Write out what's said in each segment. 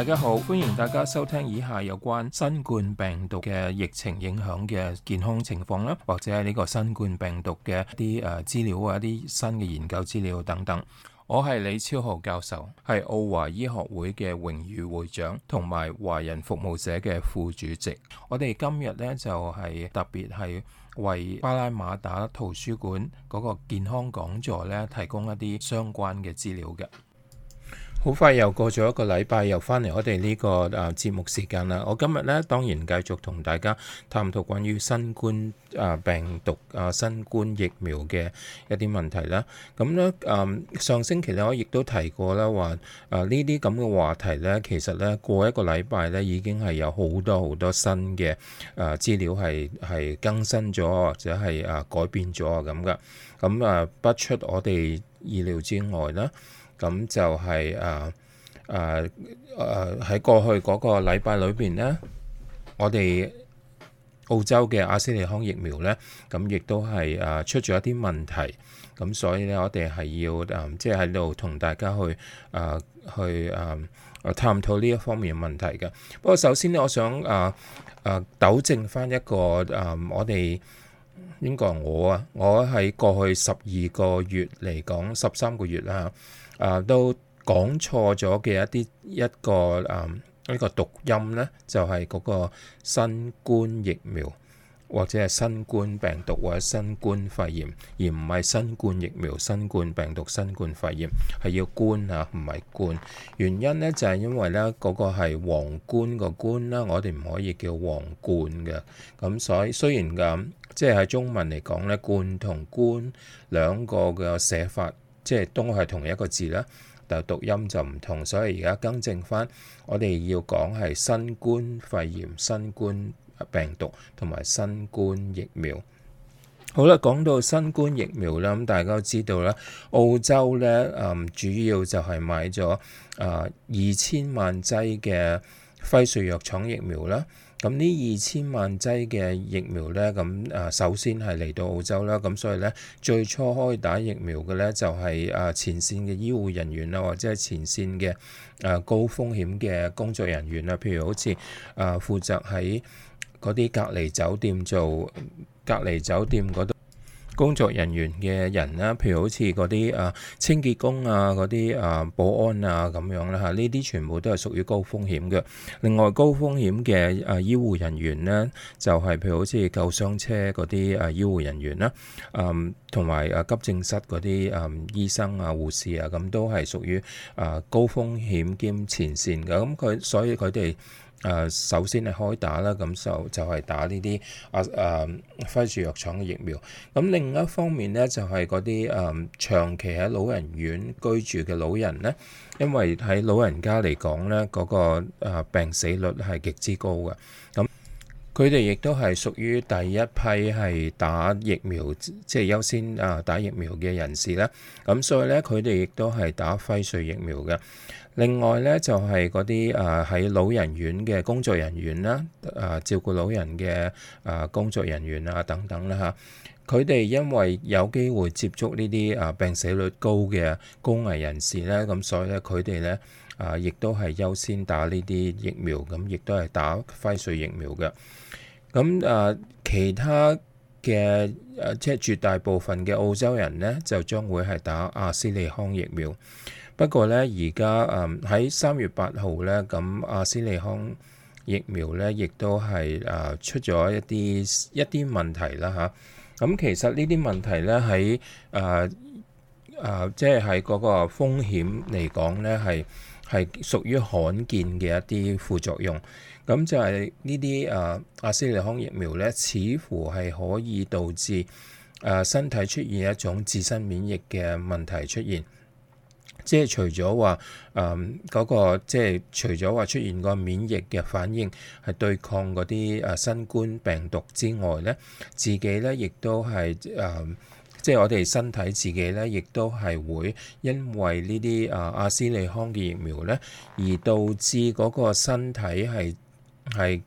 大家好，歡迎大家收聽以下有關新冠病毒嘅疫情影響嘅健康情況啦，或者係呢個新冠病毒嘅一啲誒資料啊，一啲新嘅研究資料等等。我係李超豪教授，係澳華醫學會嘅榮譽會長，同埋華人服務社嘅副主席。我哋今日咧就係、是、特別係為巴拉馬打圖書館嗰個健康講座咧提供一啲相關嘅資料嘅。好快又過咗一個禮拜又返嚟我哋呢個，呃，節目時間啦。我今日呢，當然繼續同大家探討關於新冠病毒、新冠疫苗嘅一啲問題啦。咁，上星期呢，我亦都提過啦，話，呃，呢啲咁嘅話題呢，其實呢，過一個禮拜呢，已經係有好多好多新嘅，呃，資料係，係更新咗，或者係改變咗，咁，呃，不出我哋意料之外啦。咁就係誒誒誒喺過去嗰個禮拜裏邊咧，我哋澳洲嘅阿斯利康疫苗咧，咁亦都係誒出咗一啲問題，咁所以咧，我哋係要誒即係喺度同大家去誒、啊、去誒、啊、探討呢一方面嘅問題嘅。不過首先咧，我想誒誒、啊啊、糾正返一個誒我哋應該我啊，我喺過去十二個月嚟講，十三個月啦。啊，都講錯咗嘅一啲一個誒，呢、嗯、個讀音呢，就係、是、嗰個新冠疫苗，或者係新冠病毒，或者新冠肺炎，而唔係新冠疫苗、新冠病毒、新冠肺炎，係要冠啊，唔係冠。原因呢，就係、是、因為呢嗰、那個係皇冠個冠啦，我哋唔可以叫皇冠嘅。咁所以雖然咁，即係喺中文嚟講呢，「冠」同「官」兩個嘅寫法。即係都係同一個字啦，但係讀音就唔同，所以而家更正返，我哋要講係新冠肺炎、新冠病毒同埋新冠疫苗。好啦，講到新冠疫苗啦，咁大家都知道啦，澳洲咧啊，主要就係買咗啊二千萬劑嘅輝瑞藥廠疫苗啦。咁呢二千萬劑嘅疫苗呢，咁誒首先係嚟到澳洲啦。咁所以呢最初開打疫苗嘅呢，就係誒前線嘅醫護人員啦，或者係前線嘅誒高風險嘅工作人員啊，譬如好似誒負責喺嗰啲隔離酒店做隔離酒店嗰度。工作人員嘅人啦，譬如好似嗰啲啊清潔工啊、嗰啲啊保安啊咁樣啦嚇，呢啲全部都係屬於高風險嘅。另外高風險嘅啊醫護人員呢，就係譬如好似救傷車嗰啲啊醫護人員啦，嗯同埋啊急症室嗰啲嗯醫生啊護士啊，咁都係屬於啊高風險兼前線嘅。咁佢所以佢哋。首先係開打啦，咁就就係打呢啲啊誒輝瑞藥廠嘅疫苗。咁另一方面呢，就係嗰啲誒長期喺老人院居住嘅老人呢，因為喺老人家嚟講呢，嗰個誒病死率係極之高嘅咁。佢哋亦都係屬於第一批係打疫苗，即係優先啊打疫苗嘅人士啦。咁所以咧，佢哋亦都係打輝瑞疫苗嘅。另外咧，就係嗰啲啊喺老人院嘅工作人員啦，啊照顧老人嘅啊工作人員啊等等啦嚇。佢哋因為有機會接觸呢啲啊病死率高嘅高危人士咧，咁所以咧佢哋咧。啊，亦都係優先打呢啲疫苗，咁亦都係打輝瑞疫苗嘅。咁啊，其他嘅啊，即係絕大部分嘅澳洲人呢，就將會係打阿斯利康疫苗。不過呢，而家誒喺三月八號呢，咁、啊、阿斯利康疫苗呢，亦都係誒出咗一啲一啲問題啦吓，咁、啊啊、其實呢啲問題呢，喺誒誒，即係喺嗰個風險嚟講呢，係。係屬於罕見嘅一啲副作用，咁就係呢啲誒阿斯利康疫苗咧，似乎係可以導致誒、啊、身體出現一種自身免疫嘅問題出現，即係除咗話誒嗰個，即係除咗話出現個免疫嘅反應係對抗嗰啲誒新冠病毒之外咧，自己咧亦都係誒。啊即係我哋身體自己咧，亦都係會因為呢啲啊阿斯利康嘅疫苗咧，而導致嗰個身體係係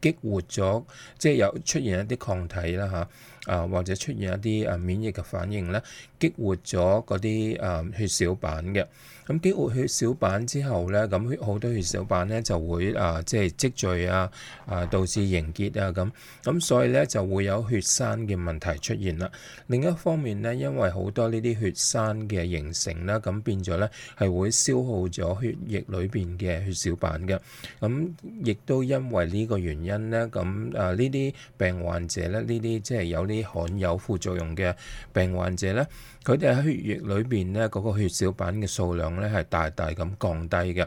激活咗，即係有出現一啲抗體啦嚇。啊，或者出現一啲啊免疫嘅反應咧，激活咗嗰啲啊血小板嘅，咁激活血小板之後咧，咁好多血小板咧就會啊即係積聚啊，啊導致凝結啊咁，咁所以咧就會有血栓嘅問題出現啦。另一方面咧，因為好多呢啲血栓嘅形成啦，咁變咗咧係會消耗咗血液裏邊嘅血小板嘅，咁亦都因為呢個原因咧，咁啊呢啲病患者咧呢啲即係有。啲罕有副作用嘅病患者咧，佢哋喺血液裏邊咧，嗰個血小板嘅數量咧係大大咁降低嘅。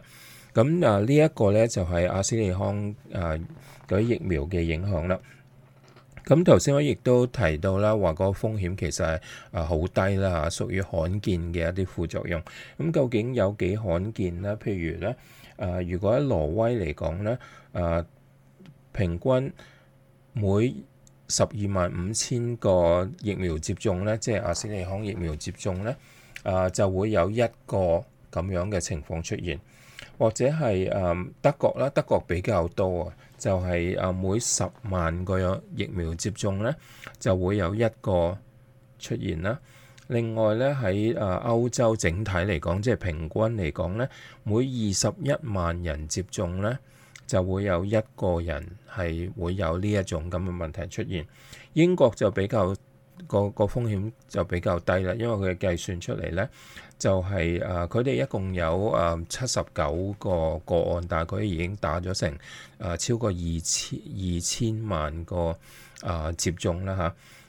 咁啊，呢一個咧就係阿斯利康誒嗰啲疫苗嘅影響啦。咁頭先我亦都提到啦，話個風險其實係誒好低啦，吓屬於罕見嘅一啲副作用。咁究竟有幾罕見咧？譬如咧誒，如果喺挪威嚟講咧誒，平均每十二萬五千個疫苗接種咧，即係阿斯利康疫苗接種咧，啊、呃、就會有一個咁樣嘅情況出現，或者係誒、嗯、德國啦，德國比較多啊，就係、是、誒每十萬個疫苗接種咧就會有一個出現啦。另外咧喺誒歐洲整體嚟講，即係平均嚟講咧，每二十一萬人接種咧，就會有一個人係會有呢一種咁嘅問題出現。英國就比較個個風險就比較低啦，因為佢計算出嚟咧就係、是、誒，佢、呃、哋一共有誒七十九個個案，但係佢已經打咗成誒、呃、超過二千二千萬個誒、呃、接種啦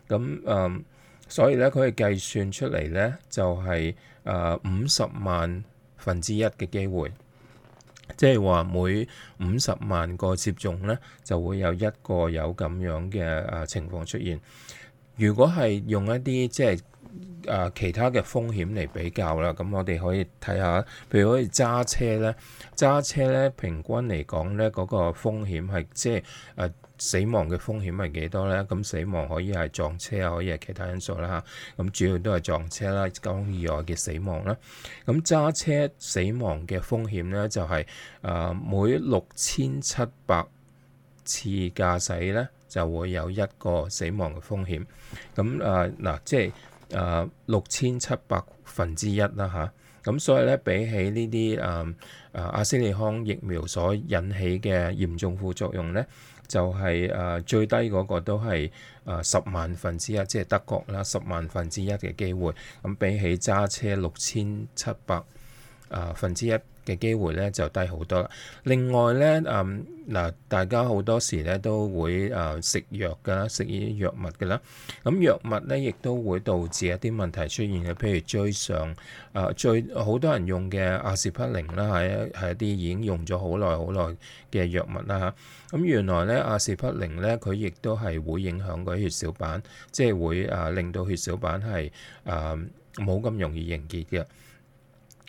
吓。咁誒，所以咧佢哋計算出嚟咧就係誒五十萬分之一嘅機會。即係話每五十萬個接種咧，就會有一個有咁樣嘅誒情況出現。如果係用一啲即係誒、啊、其他嘅風險嚟比較啦，咁我哋可以睇下，譬如可以揸車咧，揸車咧平均嚟講咧，嗰、那個風險係即係誒。啊死亡嘅風險係幾多呢？咁死亡可以係撞車，可以係其他因素啦嚇。咁主要都係撞車啦，交通意外嘅死亡啦。咁揸車死亡嘅風險呢，就係、是、誒每六千七百次駕駛呢，就會有一個死亡嘅風險。咁誒嗱，即係誒六千七百分之一啦吓，咁、啊、所以咧，比起呢啲誒誒阿斯利康疫苗所引起嘅嚴重副作用呢。就係、是、誒、啊、最低嗰個都係誒、啊、十萬分之一，即係德國啦，十萬分之一嘅機會。咁、啊、比起揸車六千七百誒、啊、分之一，嘅機會咧就低好多啦。另外咧，嗯嗱，大家好多時咧都會誒、呃、食藥嘅啦，食呢啲藥物嘅啦。咁、嗯、藥物咧亦都會導致一啲問題出現嘅，譬如追上誒、呃、最好多人用嘅阿士匹靈啦，係一係一啲已經用咗好耐好耐嘅藥物啦嚇。咁、啊嗯、原來咧阿士匹靈咧，佢亦都係會影響嗰啲血小板，即、就、係、是、會誒、呃、令到血小板係誒冇咁容易凝結嘅。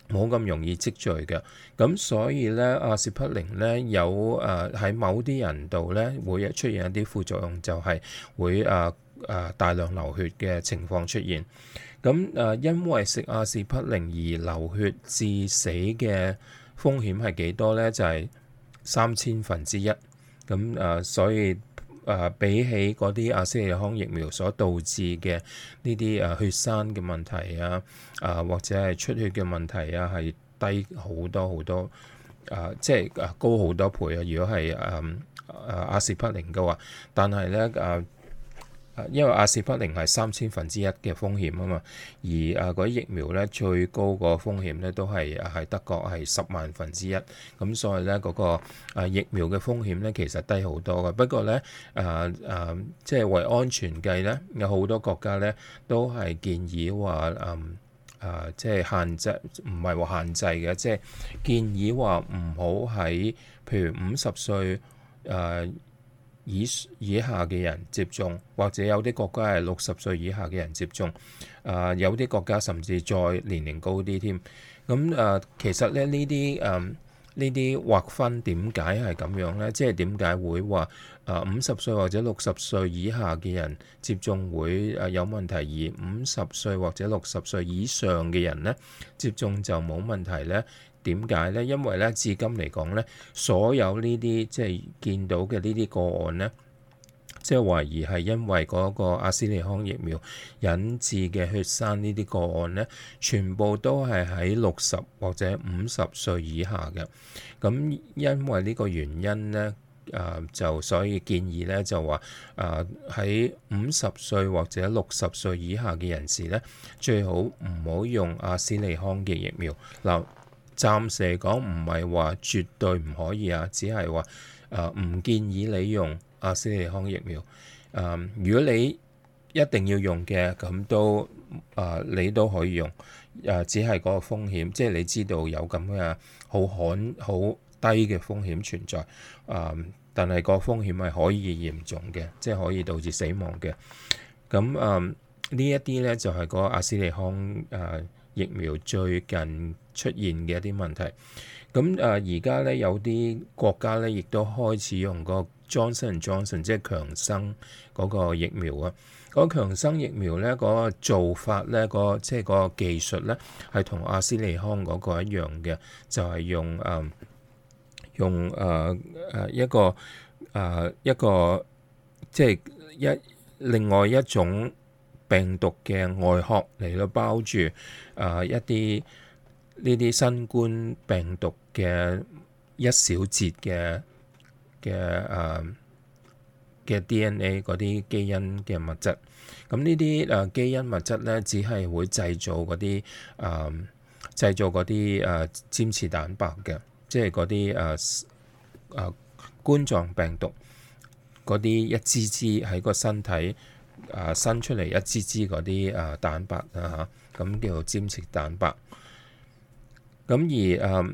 冇咁容易積聚嘅，咁所以呢，阿司匹靈呢，有誒喺、呃、某啲人度呢會出現一啲副作用，就係、是、會誒誒、呃呃、大量流血嘅情況出現。咁、嗯、誒、呃、因為食阿司匹靈而流血致死嘅風險係幾多呢？就係、是、三千分之一。咁、嗯、誒、呃、所以。誒、啊、比起嗰啲阿斯利康疫苗所導致嘅呢啲誒血栓嘅問題啊，誒、啊、或者係出血嘅問題啊，係低好多好多，誒、啊、即係高好多倍啊！如果係誒阿司匹靈嘅話，但係咧誒。啊因為阿士匹靈係三千分之一嘅風險啊嘛，而誒嗰啲疫苗咧最高個風險咧都係喺德國係十萬分之一，咁所以咧嗰、那個、啊、疫苗嘅風險咧其實低好多嘅。不過咧誒誒，即、啊、係、啊就是、為安全計咧，有好多國家咧都係建議話誒誒，即、嗯、係、啊就是、限制，唔係話限制嘅，即、就、係、是、建議話唔好喺譬如五十歲誒。啊以以下嘅人接種，或者有啲國家係六十歲以下嘅人接種，啊、呃、有啲國家甚至再年齡高啲添。咁、嗯、啊、呃，其實咧呢啲嗯、呃、呢啲劃分點解係咁樣咧？即係點解會話啊五十歲或者六十歲以下嘅人接種會啊有問題，而五十歲或者六十歲以上嘅人咧接種就冇問題咧？點解咧？因為咧，至今嚟講咧，所有呢啲即係見到嘅呢啲個案咧，即係懷疑係因為嗰個阿斯利康疫苗引致嘅血栓呢啲個案咧，全部都係喺六十或者五十歲以下嘅。咁因為呢個原因咧，誒、呃、就所以建議咧就話誒喺五十歲或者六十歲以下嘅人士咧，最好唔好用阿斯利康嘅疫苗嗱。暫時嚟講唔係話絕對唔可以啊，只係話誒唔建議你用阿斯利康疫苗。誒、呃，如果你一定要用嘅，咁都誒、呃、你都可以用。誒、呃，只係嗰個風險，即係你知道有咁嘅好罕好低嘅風險存在。誒、呃，但係個風險係可以嚴重嘅，即係可以導致死亡嘅。咁誒、呃、呢一啲咧就係、是、嗰個阿斯利康誒。呃疫苗最近出現嘅一啲問題，咁啊而家呢，有啲國家呢亦都開始用個 Johnson Johnson，即係強生嗰個疫苗啊。嗰個強生疫苗呢嗰個做法呢，嗰個即係嗰個技術呢，係同阿斯利康嗰個一樣嘅，就係用誒用誒誒一個誒一個即係一另外一種。病毒嘅外殼嚟到包住誒、呃、一啲呢啲新冠病毒嘅一小節嘅嘅誒嘅 D N A 嗰啲基因嘅物質，咁呢啲誒基因物質咧只係會製造嗰啲誒製造嗰啲誒，尖、呃、刺、呃、蛋白嘅，即係嗰啲誒誒冠狀病毒嗰啲一支支喺個身體。啊，伸出嚟一支支嗰啲啊蛋白啊，吓咁叫做尖食蛋白。咁、啊啊、而嗯、啊、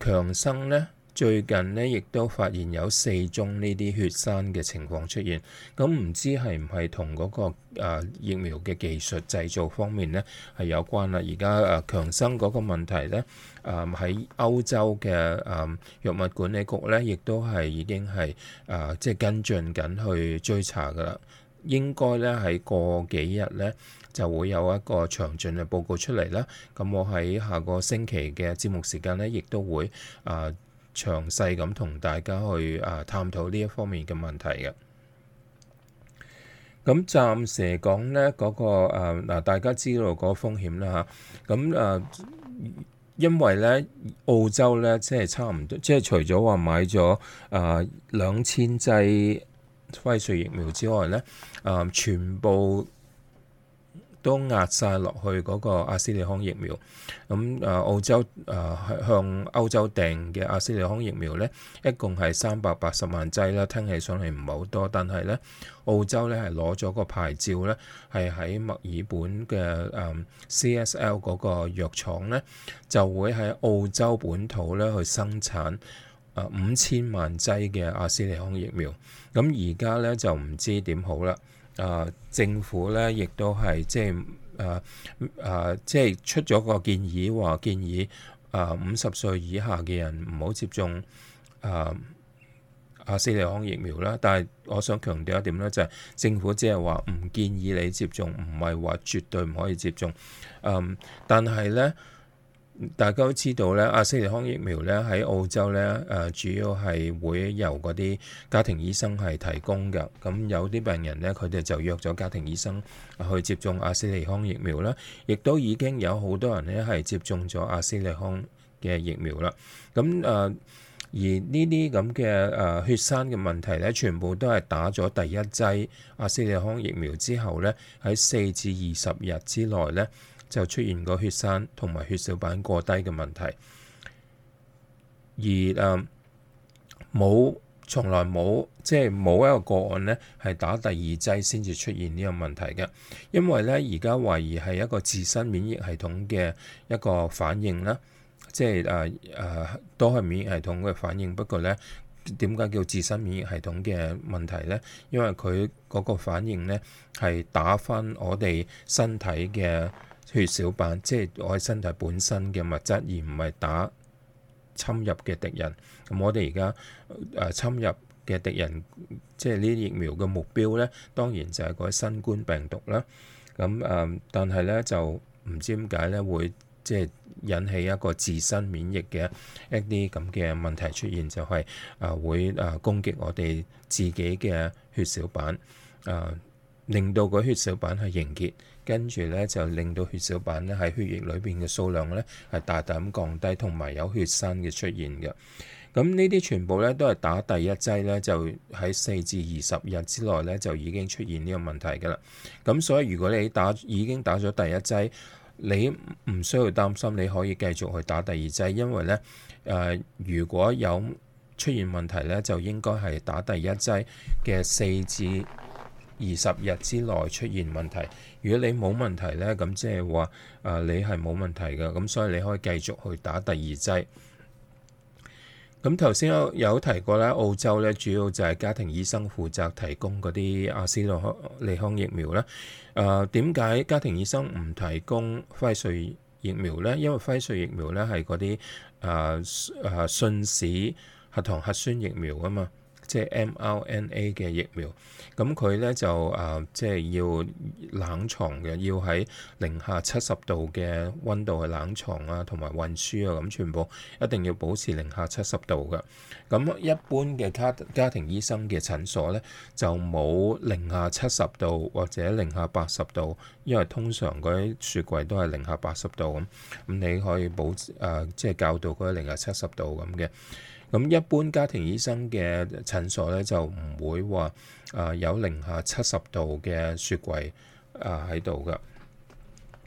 強生咧，最近咧亦都發現有四宗呢啲血栓嘅情況出現。咁、啊、唔知係唔係同嗰個啊疫苗嘅技術製造方面咧係有關啦。而家啊強生嗰個問題咧，啊喺歐洲嘅啊藥物管理局咧，亦都係已經係啊即係跟進緊去追查噶啦。應該咧喺過幾日咧就會有一個詳盡嘅報告出嚟啦。咁我喺下個星期嘅節目時間咧，亦都會啊、呃、詳細咁同大家去啊探討呢一方面嘅問題嘅。咁暫時嚟講咧嗰個嗱、呃，大家知道嗰風險啦嚇。咁誒、呃，因為咧澳洲咧即係差唔多，即係除咗話買咗誒兩千劑。輝瑞疫苗之外呢誒、嗯、全部都壓晒落去嗰個阿斯利康疫苗。咁、嗯、誒澳洲誒、呃、向歐洲訂嘅阿斯利康疫苗呢一共係三百八十萬劑啦，聽起上嚟唔係好多。但係呢澳洲呢係攞咗個牌照呢係喺墨爾本嘅誒、嗯、C S L 嗰個藥廠呢，就會喺澳洲本土呢去生產。啊，五千萬劑嘅阿斯利康疫苗，咁而家咧就唔知點好啦。啊，政府咧亦都係即係誒誒，即係、啊啊、出咗個建議話建議，啊五十歲以下嘅人唔好接種誒、啊、阿斯利康疫苗啦。但係我想強調一點咧，就係、是、政府只係話唔建議你接種，唔係話絕對唔可以接種。嗯、啊，但係咧。大家都知道咧，阿斯利康疫苗咧喺澳洲咧，誒主要係會由嗰啲家庭醫生係提供嘅。咁有啲病人咧，佢哋就約咗家庭醫生去接種阿斯利康疫苗啦。亦都已經有好多人咧係接種咗阿斯利康嘅疫苗啦。咁誒、呃，而呢啲咁嘅誒血栓嘅問題咧，全部都係打咗第一劑阿斯利康疫苗之後咧，喺四至二十日之內咧，就出現過血栓同埋血小板過低嘅問題，而誒冇從來冇即係冇一個個案呢係打第二劑先至出現呢個問題嘅。因為呢，而家懷疑係一個自身免疫系統嘅一個反應啦，即係誒誒都係免疫系統嘅反應。不過呢，點解叫自身免疫系統嘅問題呢？因為佢嗰個反應呢係打返我哋身體嘅。血小板即係我哋身體本身嘅物質，而唔係打侵入嘅敵人。咁我哋而家誒侵入嘅敵人，即係呢啲疫苗嘅目標咧，當然就係嗰啲新冠病毒啦。咁誒、呃，但係咧就唔知點解咧會即係引起一個自身免疫嘅一啲咁嘅問題出現，就係、是、誒會誒攻擊我哋自己嘅血小板誒。呃令到個血小板係凝結，跟住呢就令到血小板呢喺血液裏邊嘅數量呢係大大咁降低，同埋有血栓嘅出現嘅。咁呢啲全部呢都係打第一劑呢就喺四至二十日之內呢就已經出現呢個問題㗎喇。咁所以如果你打已經打咗第一劑，你唔需要擔心，你可以繼續去打第二劑，因為呢，誒、呃、如果有出現問題呢，就應該係打第一劑嘅四至二十日之內出現問題，如果你冇問題呢，咁即係話，誒、呃、你係冇問題嘅，咁所以你可以繼續去打第二劑。咁頭先有提過啦，澳洲呢主要就係家庭醫生負責提供嗰啲阿斯洛康、利康疫苗啦。誒，點解家庭醫生唔提供輝瑞疫苗呢？因為輝瑞疫苗呢係嗰啲誒、誒、信使核糖核酸疫苗啊嘛。即係 mRNA 嘅疫苗，咁佢咧就誒，即係要冷藏嘅，要喺零下七十度嘅溫度去冷藏啊，同埋運輸啊，咁全部一定要保持零下七十度嘅。咁一般嘅家家庭醫生嘅診所咧，就冇零下七十度或者零下八十度，因為通常嗰啲雪櫃都係零下八十度咁。咁你可以保誒，即係教到嗰零下七十度咁嘅。咁一般家庭醫生嘅診所咧就唔會話誒，呃，有零下七十度嘅雪櫃，啊喺度㗎。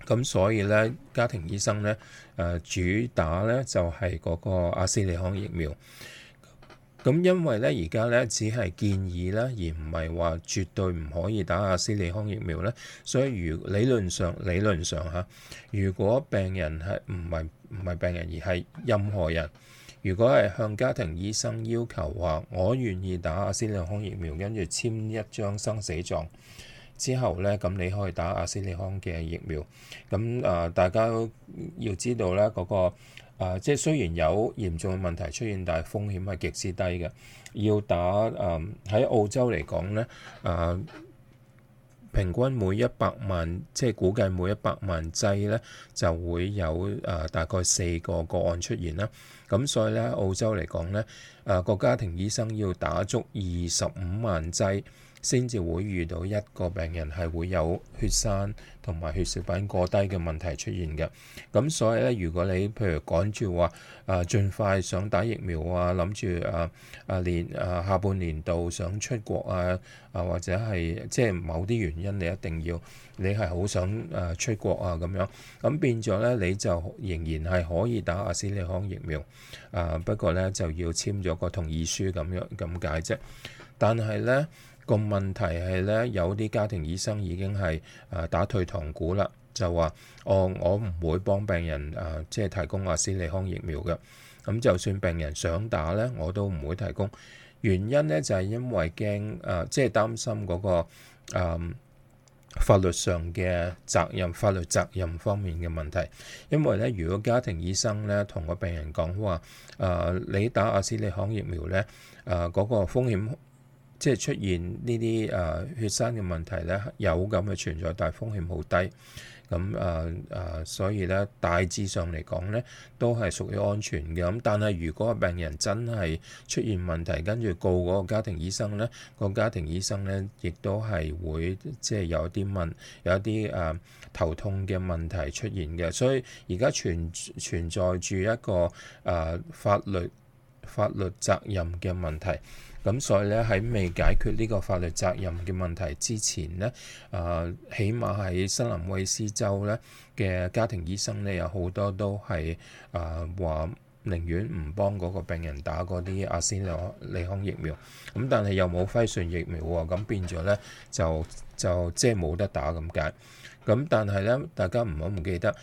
咁、呃、所以咧家庭醫生咧誒，呃、主打咧就係、是、嗰個阿斯利康疫苗。咁因為咧而家咧只係建議啦，而唔係話絕對唔可以打阿斯利康疫苗咧，所以如理論上、理論上吓，如果病人係唔係唔係病人而係任何人。如果係向家庭醫生要求話，我願意打阿斯利康疫苗，跟住簽一張生死狀之後咧，咁你可以打阿斯利康嘅疫苗。咁啊、呃，大家要知道咧，嗰、嗰個、呃、即係雖然有嚴重嘅問題出現，但係風險係極之低嘅。要打啊，喺、呃、澳洲嚟講咧，啊、呃。平均每一百萬，即係估計每一百萬劑呢，就會有誒、呃、大概四個個個案出現啦。咁所以呢，澳洲嚟講呢，誒、啊、個家庭醫生要打足二十五萬劑，先至會遇到一個病人係會有血栓同埋血小板過低嘅問題出現嘅。咁所以咧，如果你譬如趕住話誒，盡快想打疫苗啊，諗住誒誒年誒、啊、下半年度想出國啊，啊或者係即係某啲原因，你一定要你係好想誒、啊、出國啊咁樣，咁變咗咧，你就仍然係可以打阿斯利康疫苗啊，不過咧就要簽咗個同意書咁樣咁解啫。但係咧。個問題係咧，有啲家庭醫生已經係誒打退堂鼓啦，就話我我唔會幫病人誒、啊、即係提供阿斯利康疫苗嘅。咁就算病人想打咧，我都唔會提供。原因咧就係、是、因為驚誒、啊，即係擔心嗰、那個、啊、法律上嘅責任、法律責任方面嘅問題。因為咧，如果家庭醫生咧同個病人講話誒、啊，你打阿斯利康疫苗咧誒嗰個風險。即係出現呢啲誒血栓嘅問題咧，有咁嘅存在，但係風險好低。咁誒誒，所以咧大致上嚟講咧，都係屬於安全嘅。咁但係如果病人真係出現問題，跟住告嗰個家庭醫生咧，個家庭醫生咧亦都係會即係有啲問，有一啲誒、啊、頭痛嘅問題出現嘅。所以而家存存在住一個誒、啊、法律法律責任嘅問題。咁所以咧喺未解決呢個法律責任嘅問題之前咧，誒、呃、起碼喺新南威爾斯州咧嘅家庭醫生咧有好多都係誒話寧願唔幫嗰個病人打嗰啲阿斯利康疫苗，咁但係又冇輝瑞疫苗喎，咁變咗咧就就即係冇得打咁解。咁但係咧，大家唔好唔記得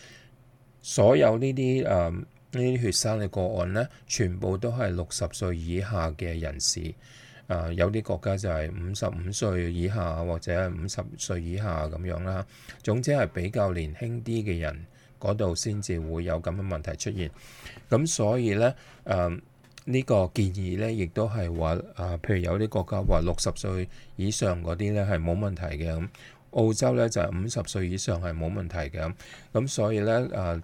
所有呢啲誒。呃呢啲血栓嘅個案呢，全部都係六十歲以下嘅人士。啊、呃，有啲國家就係五十五歲以下或者係五十歲以下咁樣啦。總之係比較年輕啲嘅人嗰度先至會有咁嘅問題出現。咁所以呢，誒、呃、呢、呢個建議呢，亦都係話啊，譬如有啲國家話六十歲以上嗰啲呢係冇問題嘅咁。澳洲呢，就係五十歲以上係冇問題嘅咁。咁所以呢。誒、呃。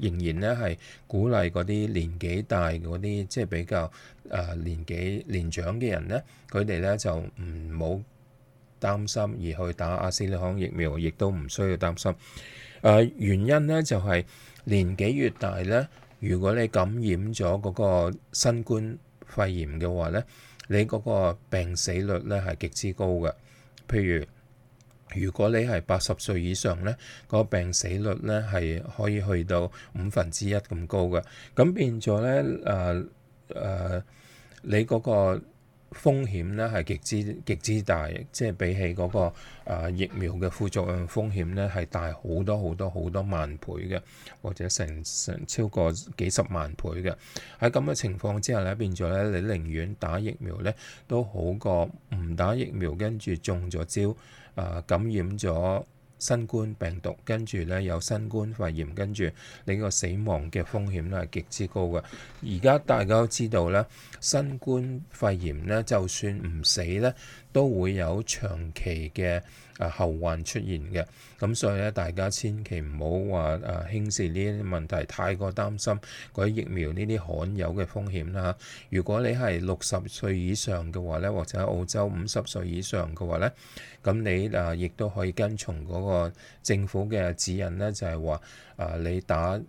仍然咧係鼓勵嗰啲年紀大嗰啲，即係比較誒年紀年長嘅人咧，佢哋咧就唔好擔心而去打阿斯利康疫苗，亦都唔需要擔心。誒、呃、原因咧就係、是、年紀越大咧，如果你感染咗嗰個新冠肺炎嘅話咧，你嗰個病死率咧係極之高嘅，譬如。如果你係八十歲以上咧，個病死率咧係可以去到五分之一咁高嘅，咁變咗咧誒誒，你嗰個風險咧係極之極之大，即係比起嗰、嗰個、誒、疫苗嘅副作用風險咧係大好多好多好多萬倍嘅，或者成成超過幾十萬倍嘅。喺咁嘅情況之下咧，變咗咧你寧願打疫苗咧都好過唔打疫苗，跟住中咗招。感染咗新冠病毒，跟住咧有新冠肺炎，跟住你個死亡嘅風險咧係極之高嘅。而家大家都知道咧，新冠肺炎咧就算唔死咧。都會有長期嘅啊後患出現嘅，咁所以咧，大家千祈唔好話啊輕視呢啲問題，太過擔心嗰啲疫苗呢啲罕有嘅風險啦。如果你係六十歲以上嘅話咧，或者喺澳洲五十歲以上嘅話咧，咁你啊亦都可以跟從嗰個政府嘅指引咧，就係話啊你打。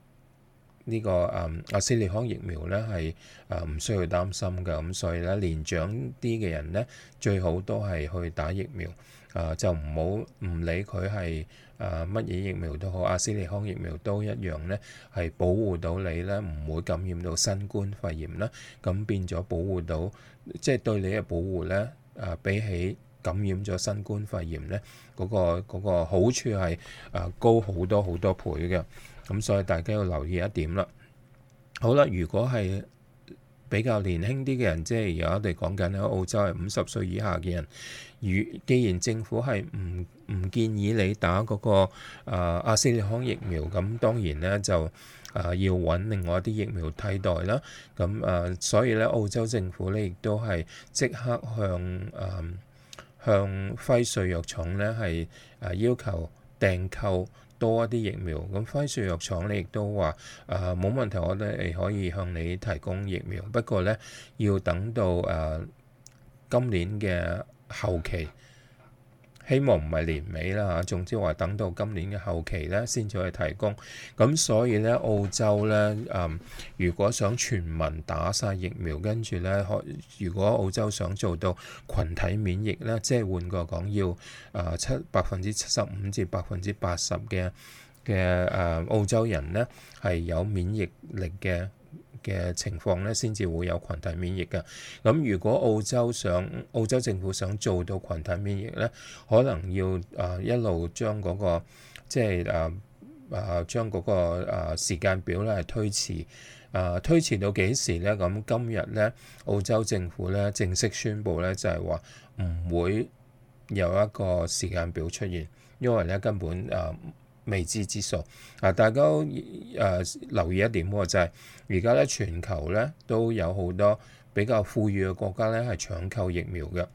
呢個誒阿斯利康疫苗咧係誒唔需要擔心嘅，咁所以咧年長啲嘅人咧最好都係去打疫苗，誒就唔好唔理佢係誒乜嘢疫苗都好，阿斯利康疫苗都一樣咧係保護到你咧，唔會感染到新冠肺炎啦，咁變咗保護到即係對你嘅保護咧誒比起感染咗新冠肺炎咧嗰個嗰個好處係誒高好多好多倍嘅。咁所以大家要留意一點啦。好啦，如果係比較年輕啲嘅人，即係而家我哋講緊喺澳洲係五十歲以下嘅人，如既然政府係唔唔建議你打嗰、那個啊、呃、阿斯利康疫苗，咁當然咧就啊、呃、要揾另外一啲疫苗替代啦。咁啊、呃，所以咧澳洲政府咧亦都係即刻向嗯、呃、向輝瑞藥廠咧係啊要求訂購。多一啲疫苗，咁輝瑞藥廠咧亦都話誒冇問題，我哋可以向你提供疫苗，不過咧要等到誒、呃、今年嘅後期。希望唔係年尾啦嚇，總之話等到今年嘅後期咧，先至去提供。咁所以咧，澳洲咧，誒，如果想全民打晒疫苗，跟住咧，可如果澳洲想做到群體免疫咧，即係換句話講，要誒七百分之七十五至百分之八十嘅嘅誒澳洲人咧係有免疫力嘅。嘅情況咧，先至會有群體免疫嘅。咁、啊、如果澳洲想澳洲政府想做到群體免疫咧，可能要啊、呃、一路將嗰、個即係啊啊將嗰、個啊時間表咧係推遲啊推遲到幾時咧？咁、啊、今日咧澳洲政府咧正式宣布咧，就係話唔會有一個時間表出現，因為咧根本誒。啊未知之數啊！大家都、呃、留意一點喎，就係而家咧全球咧都有好多比較富裕嘅國家咧係搶購疫苗嘅。誒、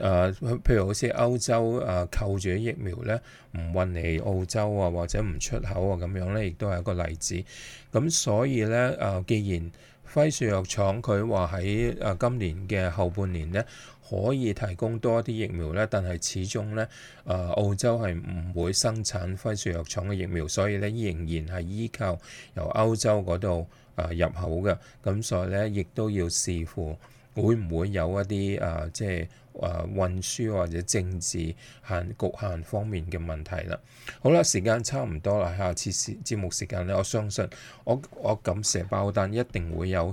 呃，譬如好似歐洲誒扣住啲疫苗咧，唔運嚟澳洲啊，或者唔出口啊咁樣咧，亦都係一個例子。咁所以咧誒、呃，既然輝瑞藥廠佢話喺誒今年嘅後半年咧。可以提供多啲疫苗咧，但係始終咧，誒、呃、澳洲係唔會生產輝瑞藥廠嘅疫苗，所以咧仍然係依靠由歐洲嗰度誒入口嘅。咁所以咧，亦都要視乎會唔會有一啲誒、呃、即係誒運輸或者政治限局限方面嘅問題啦。好啦，時間差唔多啦，下次節目時間咧，我相信我我敢寫包單，一定會有。